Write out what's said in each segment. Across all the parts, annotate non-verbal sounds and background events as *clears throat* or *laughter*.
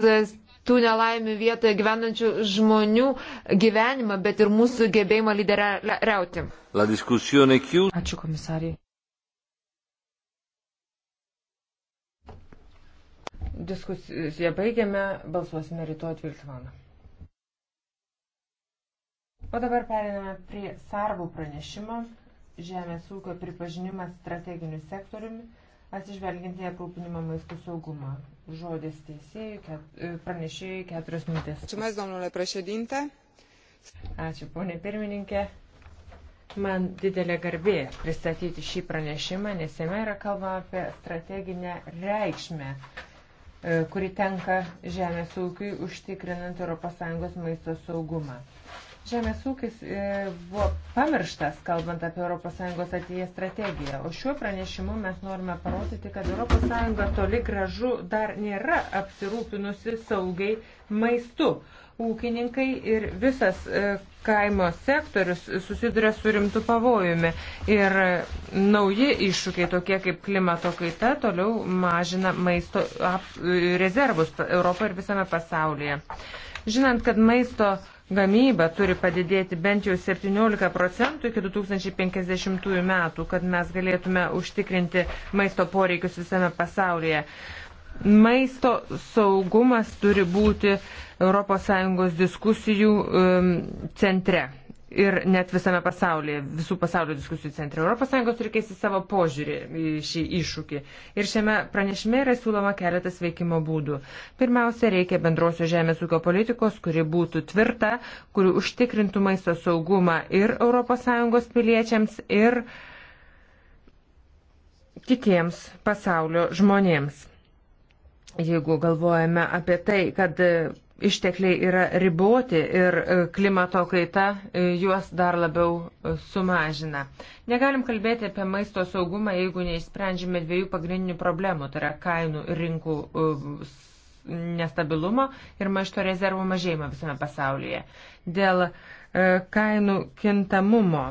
tų nelaimių vietoje gyvenančių žmonių gyvenimą, bet ir mūsų gebėjimą lyderiauti. Ačiū komisariai. Diskusiją baigiame, balsuosime rytoj 12 val. O dabar periname prie sarvų pranešimo. Žemės ūkio pripažinimas strateginiu sektoriumi atsižvelgiant į aprūpinimą maistų saugumą. Žodis teisėjai, ket, e, pranešėjai keturios minutės. Čiumės, domnule prešedinte. Ačiū, ponė pirmininkė. Man didelė garbė pristatyti šį pranešimą, nes jame yra kalbama apie strateginę reikšmę, e, kuri tenka žemės ūkiui užtikrinant ES maisto saugumą. Žemės ūkis e, buvo pamirštas, kalbant apie ES ateities strategiją, o šiuo pranešimu mes norime parodyti, kad ES toli gražu dar nėra apsirūpinusi saugiai maistu. Ūkininkai ir visas e, kaimo sektorius susiduria su rimtu pavojumi ir e, nauji iššūkiai tokie kaip klimato kaita toliau mažina maisto rezervus Europoje ir visame pasaulyje. Žinant, kad maisto uh, gamyba turi padidėti bent jau 17 procentų iki 2050 metų, kad mes galėtume užtikrinti maisto poreikius visame pasaulyje. Maisto saugumas turi būti ES diskusijų um, centre ir net visame pasaulyje, visų pasaulio diskusijų centre. ES turi keisti savo požiūrį į šį iššūkį. Ir šiame pranešime yra siūloma keletas veikimo būdų. Pirmiausia, reikia bendrosios žemės ūkio politikos, kuri būtų tvirta, kuri užtikrintų maisto saugumą ir ES piliečiams, ir kitiems pasaulio žmonėms. Jeigu galvojame apie tai, kad ištekliai yra riboti ir e, klimato kaita e, juos dar labiau e, sumažina. Negalim kalbėti apie maisto saugumą, jeigu neišsprendžiame dviejų pagrindinių problemų, tai yra kainų ir rinkų nestabilumo ir maisto rezervų mažėjimo visame pasaulyje. Dėl uh, E, kainų kintamumo.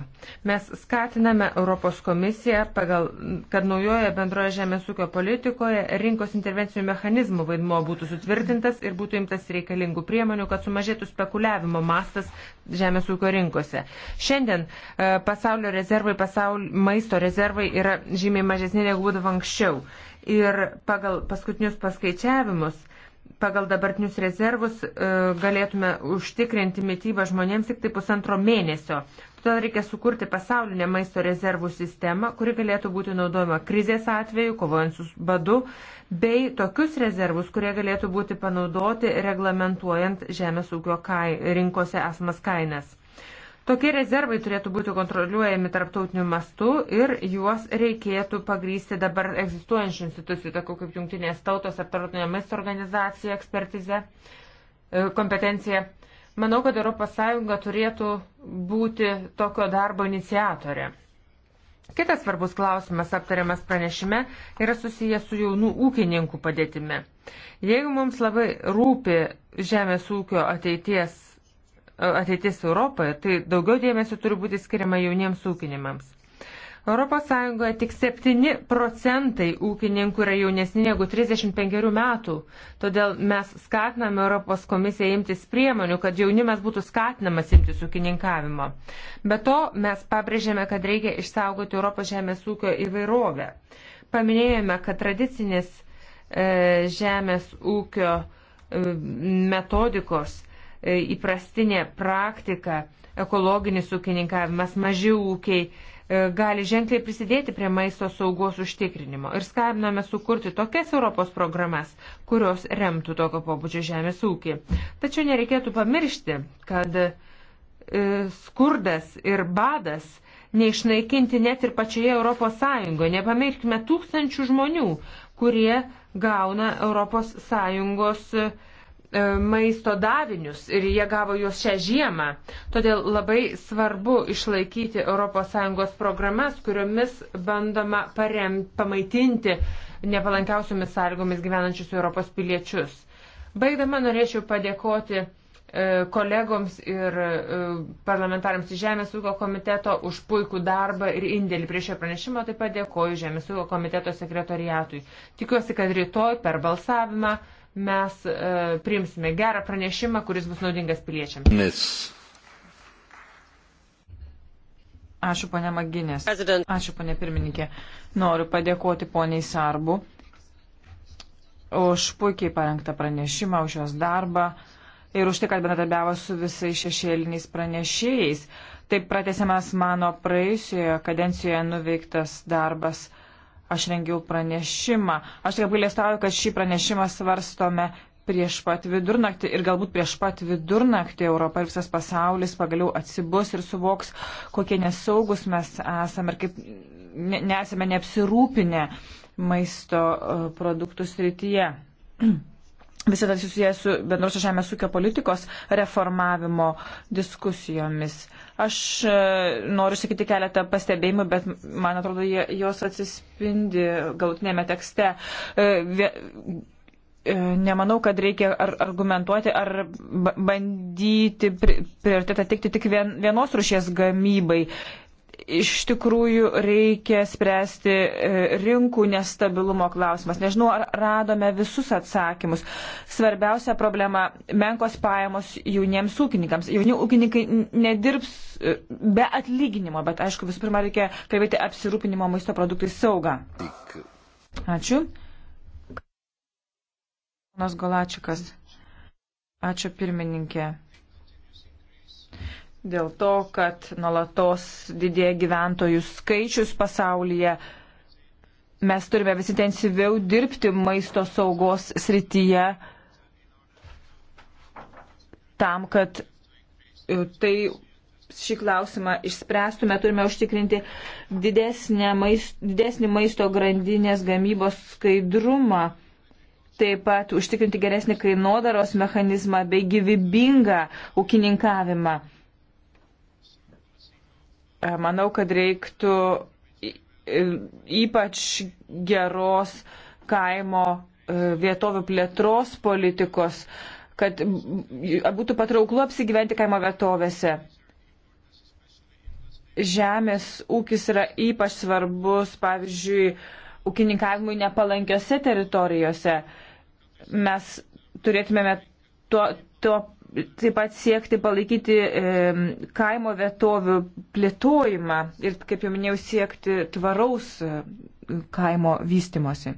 Mes skatiname Europos komisiją, pagal, kad naujoje bendroje žemės ūkio politikoje rinkos intervencijų mechanizmų vaidmuo būtų sutvirtintas ir būtų imtas reikalingų priemonių, kad sumažėtų spekuliavimo mastas žemės ūkio rinkose. Šiandien e, pasaulio rezervai, pasaulio maisto rezervai yra žymiai mažesni negu būdavo anksčiau. Ir pagal paskutinius paskaičiavimus, pagal dabartinius rezervus e, galėtume užtikrinti mytybą žmonėms tik tai pusantro mėnesio. Todėl reikia sukurti pasaulinę maisto rezervų sistemą, kuri galėtų būti naudojama krizės atveju, kovojant su badu, bei tokius rezervus, kurie galėtų būti panaudoti reglamentuojant žemės ūkio kai, rinkose esamas kainas. Tokie rezervai turėtų būti kontroliuojami tarptautiniu mastu ir juos reikėtų pagrysti dabar egzistuojančių institucijų, tokių kaip Junktinės tautos ar tarptautinė maisto organizacija, ekspertizė, e, kompetencija. Manau, kad ES turėtų būti tokio darbo iniciatorė. Kitas svarbus klausimas aptariamas pranešime yra susijęs su jaunų ūkininkų padėtimi. Jeigu mums labai rūpi žemės ūkio ateities ateitis Europoje, tai daugiau dėmesio turi būti skiriama jauniems ūkinimams. ES tik 7 procentai ūkininkų yra jaunesni negu 35 metų, todėl mes skatiname Europos komisiją imtis priemonių, kad jaunimas būtų skatinamas imtis ūkininkavimo. Be to mes pabrėžėme, kad reikia išsaugoti Europos žemės ūkio įvairovę. Paminėjome, kad tradicinis e, žemės ūkio e, metodikos E, įprastinė praktika, ekologinis ūkininkavimas, maži ūkiai e, gali ženkliai prisidėti prie maisto saugos užtikrinimo ir skatiname sukurti tokias Europos programas, kurios remtų tokio pobūdžio žemės ūkį. Tačiau nereikėtų pamiršti, kad e, skurdas ir badas neišnaikinti net ir pačioje Europos Sąjungoje. Nepamirkime tūkstančių žmonių, kurie gauna Europos Sąjungos uh, E, maisto davinius ir jie gavo juos šią žiemą. Todėl labai svarbu išlaikyti ES programas, kuriomis bandoma parem, pamaitinti nepalankiausiomis sąlygomis gyvenančius Europos piliečius. Baigdama norėčiau padėkoti e, kolegoms ir e, parlamentarams iš Žemės ūkio komiteto už puikų darbą ir indėlį prie šio pranešimo. Taip pat dėkoju Žemės ūkio komiteto sekretoriatui. Tikiuosi, kad rytoj per balsavimą mes e, priimsime gerą pranešimą, kuris bus naudingas piliečiams. Nes. Ačiū, ponė Maginės. Ačiū, ponė pirmininkė. Noriu padėkoti poniai Sarbu už puikiai parengtą pranešimą, už jos darbą ir už tai, kad bendradarbiavo su visais šešėliniais pranešėjais. Taip pratesiamas mano praėjusioje kadencijoje nuveiktas darbas Aš rengiau pranešimą. Aš labai lėstauju, kad šį pranešimą svarstome prieš pat vidurnaktį ir galbūt prieš pat vidurnaktį Europa ir visas pasaulis pagaliau atsibus ir suvoks, kokie nesaugus mes esame ir kaip nesame neapsirūpinę maisto e, produktų srityje. *clears throat* visą tai susijęs su bendrosios žemės ūkio politikos reformavimo diskusijomis. Aš e, noriu sakyti keletą pastebėjimų, bet man atrodo, jos atsispindi galutinėme tekste. E, e, nemanau, kad reikia ar argumentuoti ar bandyti prioritetą teikti tik vienos rušies gamybai iš tikrųjų reikia spręsti e, rinkų nestabilumo klausimas. Nežinau, ar radome visus atsakymus. Svarbiausia problema - menkos pajamos jauniems ūkininkams. Jauni ūkininkai nedirbs e, be atlyginimo, bet aišku, visų pirma, reikia kalbėti apsirūpinimo maisto produktai saugą. Ačiū. Ponas Golačikas. Ačiū pirmininkė dėl to, kad nuolatos didėja gyventojų skaičius pasaulyje. Mes turime vis intensyviau dirbti maisto saugos srityje tam, kad e, tai šį klausimą išspręstume, turime užtikrinti maist, didesnį maisto grandinės gamybos skaidrumą, taip pat užtikrinti geresnį kainodaros mechanizmą bei gyvybingą ūkininkavimą E, manau, kad reiktų ypač geros kaimo e, vietovių plėtros politikos, kad būtų patrauklu apsigyventi kaimo vietovėse. Žemės ūkis yra ypač svarbus, pavyzdžiui, ūkininkavimui nepalankiose teritorijose. Mes turėtumėme tuo, tuo taip pat siekti palaikyti kaimo vietovių plėtojimą ir, kaip jau minėjau, siekti tvaraus e, kaimo vystimosi.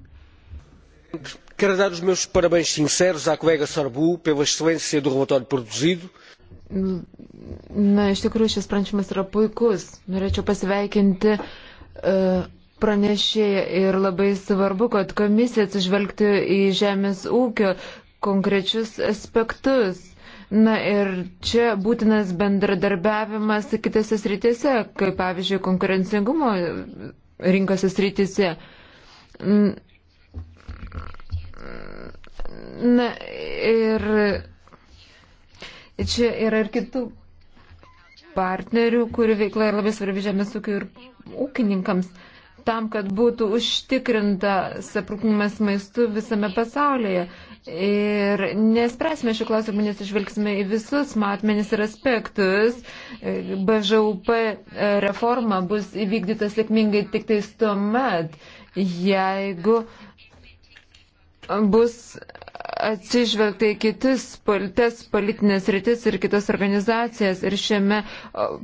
Quero dar os meus parabéns sinceros à colega Sorbu pela excelência do relatório produzido. Na, iš tikrųjų, šis pranešimas yra puikus. Norėčiau pasveikinti uh, pranešėją ir labai svarbu, kad komisija atsižvelgti į žemės ūkio konkrečius aspektus. Na ir čia būtinas bendradarbiavimas kitose srityse, kaip pavyzdžiui, konkurencingumo rinkose srityse. Na ir čia yra ir kitų partnerių, kurių veikla yra labai svarbi žemės ūkiai ir ūkininkams, tam, kad būtų užtikrintas aprūpinimas maistu visame pasaulyje. Ir nespręsime šių klausimų, nes išvelgsime į visus matmenis ir aspektus. BŽUP reforma bus įvykdyta sėkmingai tik tais tuo met, jeigu bus atsižvelgta į kitus polites, politinės rytis ir kitas organizacijas. Ir šiame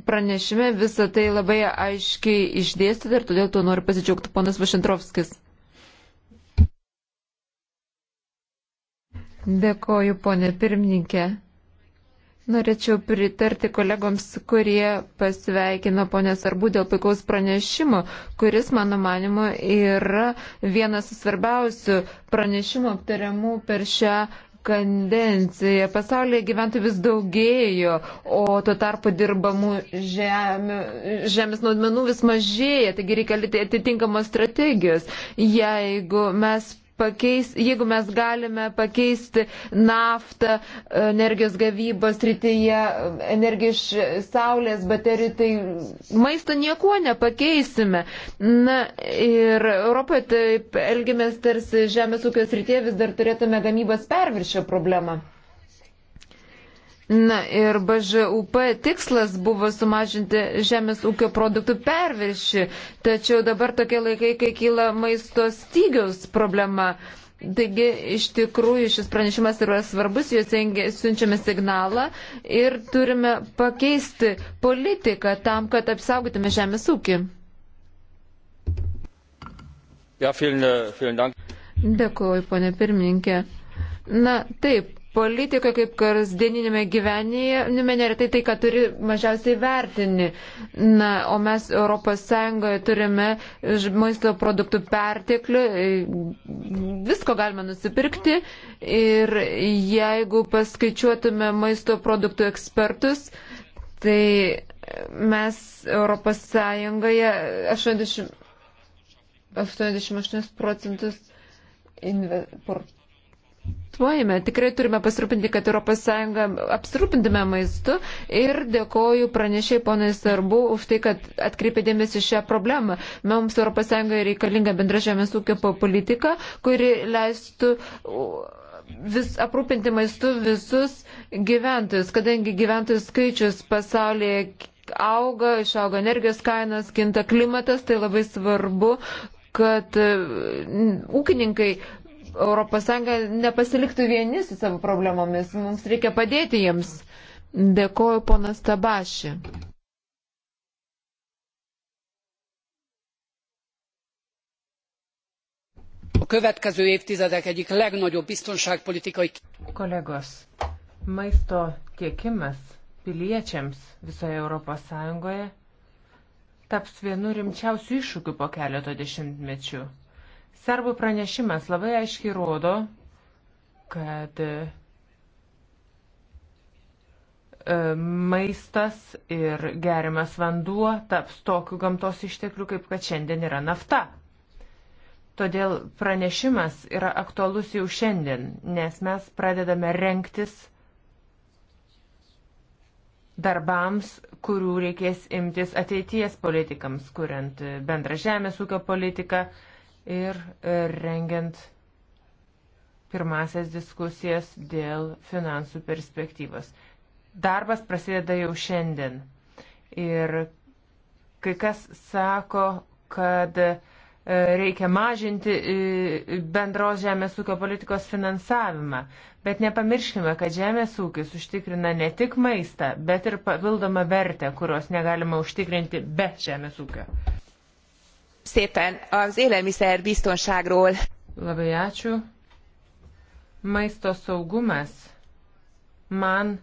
pranešime visą tai labai aiškiai išdėstyti ir todėl tuo noriu pasidžiaugti ponas Vašintrovskis. Dėkoju, ponė pirmininkė. Norėčiau pritarti kolegoms, kurie pasveikino ponės Arbu dėl puikaus pranešimo, kuris, mano manimu, yra vienas svarbiausių pranešimų aptariamų per šią kandenciją. Pasaulyje gyventojų vis daugėjo, o tuo tarpu dirbamų žemė, žemės naudmenų vis mažėja, taigi reikia atitinkamos strategijos. Jeigu mes pakeis, jeigu mes galime pakeisti naftą energijos gavybos rytyje, energiją iš saulės baterijų, tai maisto niekuo nepakeisime. Na ir Europoje taip elgiamės tarsi žemės ūkio srityje vis dar turėtume gamybos perviršio problemą. Na ir BŽUP tikslas buvo sumažinti žemės ūkio produktų perviršį, tačiau dabar tokie laikai, kai kyla maisto stygiaus problema. Taigi iš tikrųjų šis pranešimas yra svarbus, juos siunčiame signalą ir turime pakeisti politiką tam, kad apsaugotume žemės ūkį. Ja, vielen, vielen Dėkuoju, ponė pirmininkė. Na taip, politikoje kaip kasdieninėme gyvenime neretai tai, ką turi mažiausiai vertini. Na, o mes ES turime maisto produktų perteklių, e, visko galime nusipirkti ir jeigu paskaičiuotume maisto produktų ekspertus, tai mes ES 80, 88 procentus importuojame Tuojame, tikrai turime pasirūpinti, kad ES apsirūpintume maistu ir dėkoju pranešiai ponai Sarbu už tai, kad atkreipė dėmesį šią problemą. Mums ES reikalinga bendra žemės ūkio politika, kuri leistų vis aprūpinti maistu visus gyventojus, kadangi gyventojų skaičius pasaulyje auga, išauga energijos kainas, kinta klimatas, tai labai svarbu kad e, ūkininkai ES nepasiliktų vieni su savo problemomis, mums reikia padėti jiems. Dėkoju, ponas Tabaši. A következő évtizedek egyik legnagyobb biztonságpolitikai. Kolegos, maisto tiekimas piliečiams visoje Europos Sąjungoje taps vienu rimčiausių iššūkių po keleto dešimtmečių. Serbų pranešimas labai aiškiai rodo, kad e, maistas ir gerimas vanduo taps tokiu gamtos išteklių, kaip kad šiandien yra nafta. Todėl pranešimas yra aktualus jau šiandien, nes mes pradedame renktis darbams, kurių reikės imtis ateities politikams, kuriant bendrą žemės ūkio politiką, ir e, rengiant pirmasias diskusijas dėl finansų perspektyvos. Darbas prasideda jau šiandien. Ir kai kas sako, kad e, reikia mažinti e, bendros žemės ūkio politikos finansavimą. Bet nepamirškime, kad žemės ūkis užtikrina ne tik maistą, bet ir papildomą vertę, kurios negalima užtikrinti be žemės ūkio szépen az élelmiszerbiztonságról. Labai ačiū. Maisto saugumas man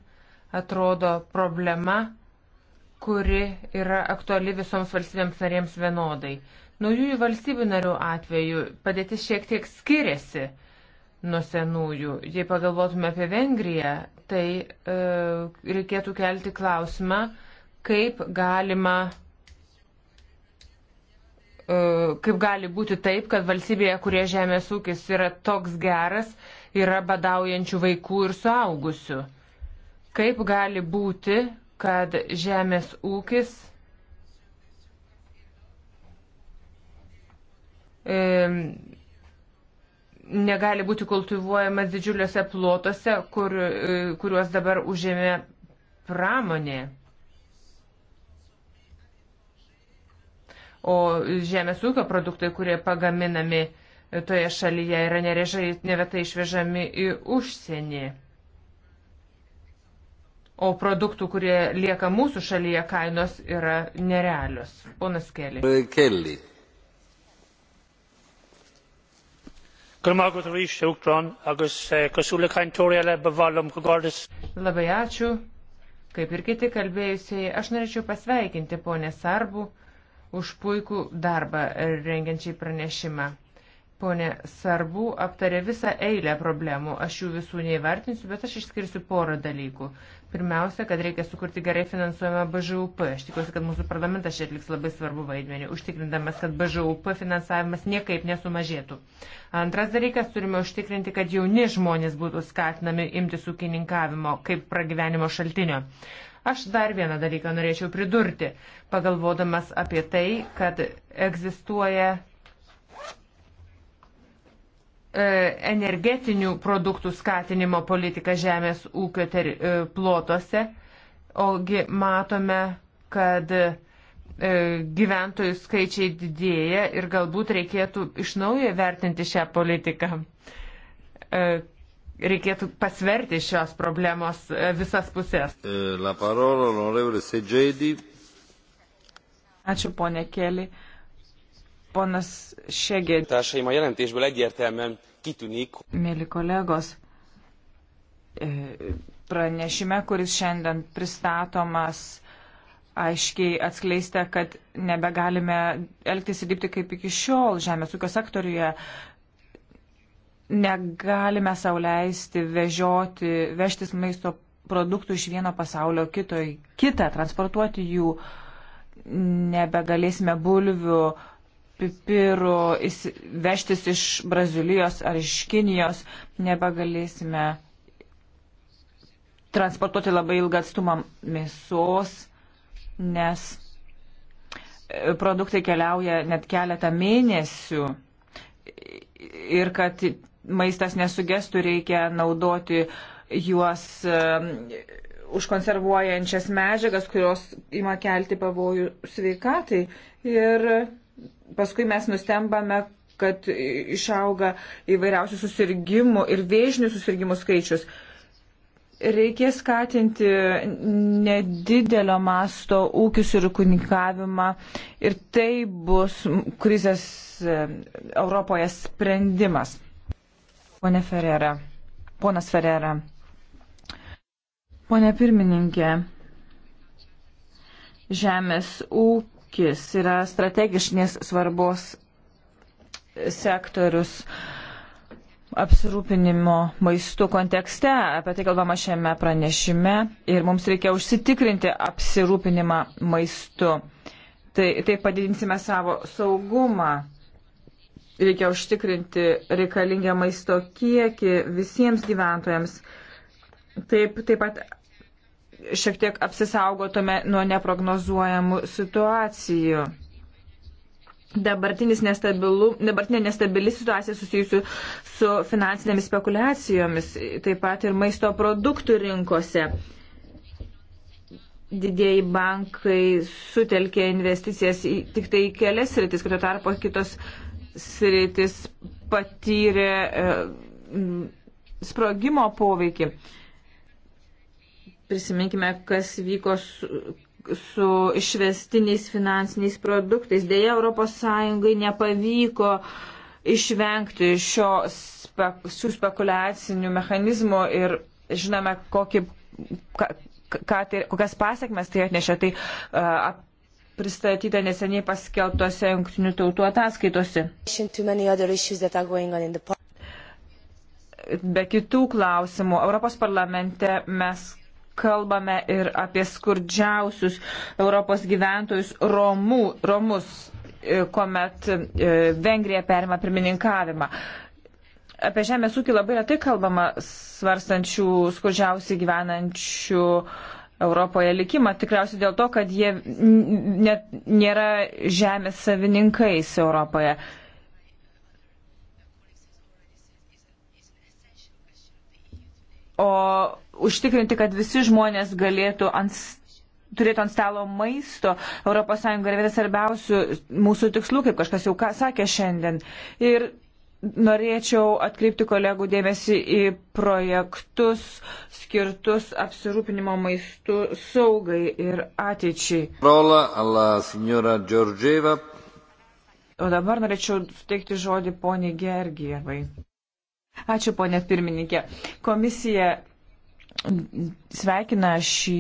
atrodo problema, kuri yra aktuali visoms valstybėms narėms vienodai. Naujųjų valstybių narių atveju padėtis šiek tiek skiriasi nuo senųjų. Jei pagalvotume apie Vengriją, tai e, reikėtų kelti klausimą, kaip galima e, E, kaip gali būti taip, kad valstybėje, kurie žemės ūkis yra toks geras, yra badaujančių vaikų ir suaugusių. Kaip gali būti, kad žemės ūkis e, negali būti kultivuojamas didžiuliuose plotuose, kur, e, kuriuos dabar užėmė pramonė. o žemės ūkio produktai, kurie pagaminami toje šalyje, yra nerežai, nevetai išvežami į užsienį. O produktų, kurie lieka mūsų šalyje, kainos yra nerealios. Ponas Kelly. Kelly. Labai ačiū. Kaip ir kiti kalbėjusiai, aš norėčiau pasveikinti ponę Sarbų už puikų darbą rengiančiai pranešimą. Pone Sarbu aptarė visą eilę problemų. Aš jų visų neįvertinsiu, bet aš išskirsiu porą dalykų. Pirmiausia, kad reikia sukurti gerai finansuojamą BŽUP. Aš tikiuosi, kad mūsų parlamentas čia atliks labai svarbu vaidmenį, užtikrindamas, kad BŽUP finansavimas niekaip nesumažėtų. Antras dalykas, turime užtikrinti, kad jauni žmonės būtų skatinami imtis ūkininkavimo kaip pragyvenimo šaltinio. Aš dar vieną dalyką norėčiau pridurti, pagalvodamas apie tai, kad egzistuoja E, energetinių produktų skatinimo politiką žemės ūkio ter, e, plotuose, ogi matome, kad e, gyventojų skaičiai didėja ir galbūt reikėtų iš naujo vertinti šią politiką. Reikėtų pasverti šios problemos visas pusės. La parola, Ačiū, ponė Keli. Ponas Šegė. Mėly kolegos, e, pranešime, kuris šiandien pristatomas, aiškiai atskleista, kad nebegalime elgtis ir dirbti kaip iki šiol žemės ūkio sektoriuje. Negalime sauliaisti vežioti, vežtis maisto produktų iš vieno pasaulio kito į kitą, transportuoti jų. Nebegalėsime bulvių, uh, pipirų vežtis iš Brazilijos ar iš Kinijos, nebegalėsime transportuoti labai ilgą atstumą mėsos, nes e, produktai keliauja net keletą mėnesių ir kad maistas nesugestų, reikia naudoti juos e, užkonservuojančias medžiagas, kurios ima kelti pavojų sveikatai. Ir paskui mes nustembame, kad išauga įvairiausių susirgymų ir vėžinių susirgymų skaičius. Reikės skatinti nedidelio masto ūkius ir kunikavimą ir tai bus krizės e, Europoje sprendimas. Pone Ferrera. Ponas Ferrera. Pone pirmininkė, žemės ūkis ūkis yra strategiškės svarbos sektorius apsirūpinimo maistų kontekste. Apie tai kalbama šiame pranešime ir mums reikia užsitikrinti apsirūpinimą maistu. Tai, tai padidinsime savo saugumą. Reikia užtikrinti reikalingą maisto kiekį visiems gyventojams. Taip, taip pat šiek tiek apsisaugotume nuo neprognozuojamų situacijų. Nestabilu, dabartinė nestabili situacija susijusi su finansinėmis spekulacijomis, taip pat ir maisto produktų rinkose. Didieji bankai sutelkė investicijas į tik tai kelias sritis, kad tuo tarpu kitos sritis patyrė e, sprogimo poveikį. E, Prisiminkime, kas vyko su, su išvestiniais finansiniais produktais. Deja, ES nepavyko išvengti šio spe, šių spekuliacinių mechanizmų ir žinome, kokį, ka, ka, tai, kokias pasiekmes tai atnešė. Tai, uh, pristatyta neseniai paskelbtose jungtinių tautų ataskaitose. Be kitų klausimų, Europos parlamente mes kalbame ir apie skurdžiausius Europos gyventojus Romų, Romus, e, kuomet e, Vengrija perima pirmininkavimą. Apie žemės ūkį labai retai kalbama svarstančių skurdžiausiai gyvenančių Europoje likimą, tikriausiai dėl to, kad jie net nėra žemės savininkais Europoje. O užtikrinti, kad visi žmonės galėtų ant turėtų ant stalo maisto, ES yra vienas svarbiausių mūsų tikslų, kaip kažkas jau ką sakė šiandien. Ir norėčiau atkreipti kolegų dėmesį į projektus skirtus apsirūpinimo maistu saugai ir ateičiai. O dabar norėčiau suteikti žodį poniai Gergijevai. Ačiū, ponė pirmininkė. Komisija sveikina šį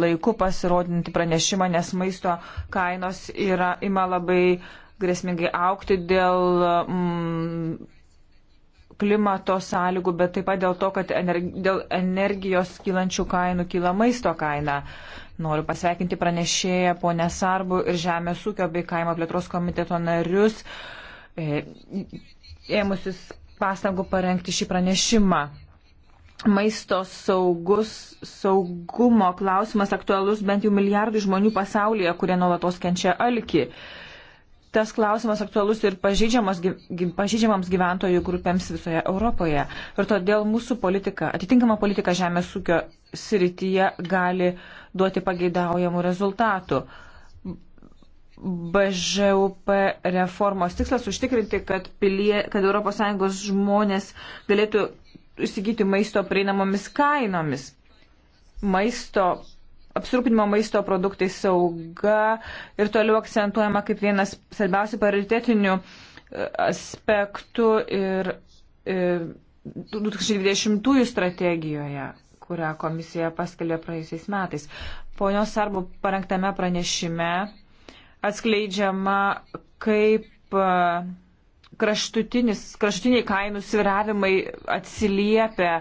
laiku pasirodinti pranešimą, nes maisto kainos yra, ima labai grėsmingai aukti dėl mm, klimato sąlygų, bet taip pat dėl to, kad energi, dėl energijos kylančių kainų kyla maisto kaina. Noriu pasveikinti pranešėją ponę Sarbų ir Žemės ūkio bei kaimo plėtros komiteto narius, e, ėmusius pastangų parengti šį pranešimą maisto saugus, saugumo klausimas aktualus bent jau milijardų žmonių pasaulyje, kurie nuolatos kenčia alki. Tas klausimas aktualus ir pažydžiamams gyventojų grupėms visoje Europoje. Ir todėl mūsų politika, atitinkama politika žemės ūkio srityje gali duoti pageidaujamų rezultatų. BŽUP reformos tikslas užtikrinti, kad, pilie, kad ES žmonės galėtų įsigyti maisto prieinamomis kainomis. Maisto, apsirūpinimo maisto produktai sauga ir toliau akcentuojama kaip vienas svarbiausių prioritetinių e, aspektų ir, e, ir 2020 strategijoje, kurią komisija paskelbė praėjusiais metais. Ponios Sarbo parengtame pranešime atskleidžiama, kaip e, kraštutiniai kainų sviravimai atsiliepia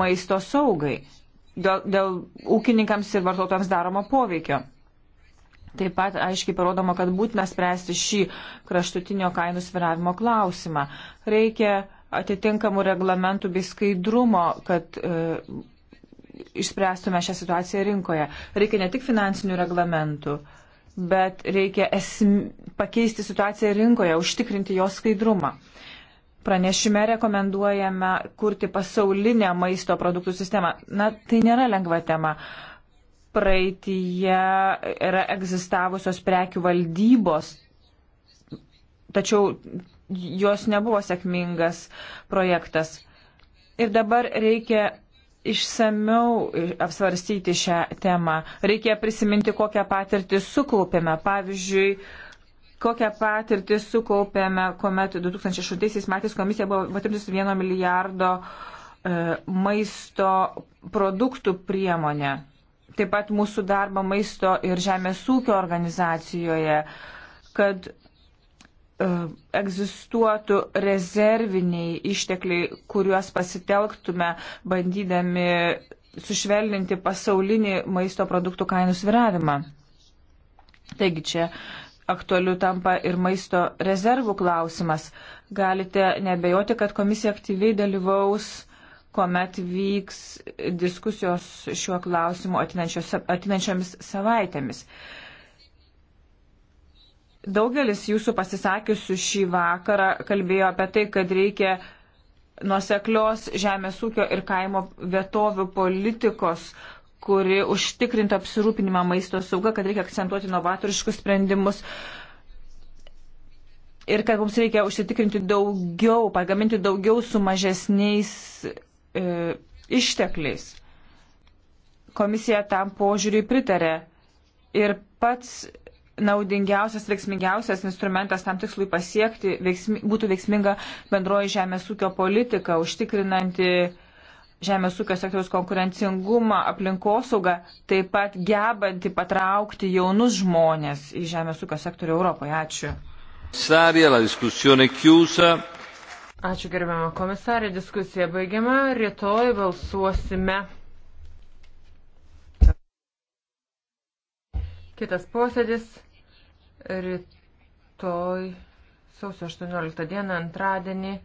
maisto saugai dėl, dėl ūkininkams ir vartotojams daromo poveikio. Taip pat aiškiai parodoma, kad būtina spręsti šį kraštutinio kainų sviravimo klausimą. Reikia atitinkamų reglamentų bei skaidrumo, kad e, išspręstume šią situaciją rinkoje. Reikia ne tik finansinių reglamentų. E, bet reikia esm... pakeisti situaciją rinkoje, užtikrinti jos skaidrumą. Pranešime rekomenduojame kurti pasaulinę maisto produktų sistemą. Na, tai nėra lengva tema. Praeitįje yra egzistavusios prekių valdybos, tačiau jos nebuvo sėkmingas projektas. Ir dabar reikia išsamiau apsvarstyti šią temą. Reikia prisiminti, kokią patirtį sukaupėme. Pavyzdžiui, kokią patirtį sukaupėme, kuomet 2006 metais komisija buvo patirdus 1 milijardo e, maisto produktų priemonę. Taip pat mūsų darbą maisto ir žemės ūkio organizacijoje, kad E, egzistuotų rezerviniai ištekliai, kuriuos pasitelktume bandydami sušvelninti pasaulinį maisto produktų kainų sviravimą. Taigi čia aktualiu tampa ir maisto rezervų klausimas. Galite nebejoti, kad komisija aktyviai dalyvaus, kuomet vyks diskusijos šiuo klausimu atinančiomis savaitėmis. Uh, Daugelis jūsų pasisakiusių šį vakarą kalbėjo apie tai, kad reikia nuoseklios žemės ūkio ir kaimo vietovių politikos, kuri užtikrintų apsirūpinimą maisto saugą, kad reikia akcentuoti novatoriškus sprendimus ir kad mums reikia užsitikrinti daugiau, pagaminti daugiau su mažesniais e, ištekliais. Komisija tam požiūriui pritarė ir pats naudingiausias, veiksmingiausias instrumentas tam tikslui pasiekti veiksmi, būtų veiksminga bendroji žemės ūkio politika, užtikrinanti žemės ūkio sektoriaus konkurencingumą, aplinkosaugą, taip pat gebanti patraukti jaunus žmonės į žemės ūkio sektorių Europoje. Ačiū. Ačiū gerbiamą komisarį, diskusija baigiama, rytoj balsuosime. Kitas posėdis rytoj sausio 18 dieną antradienį.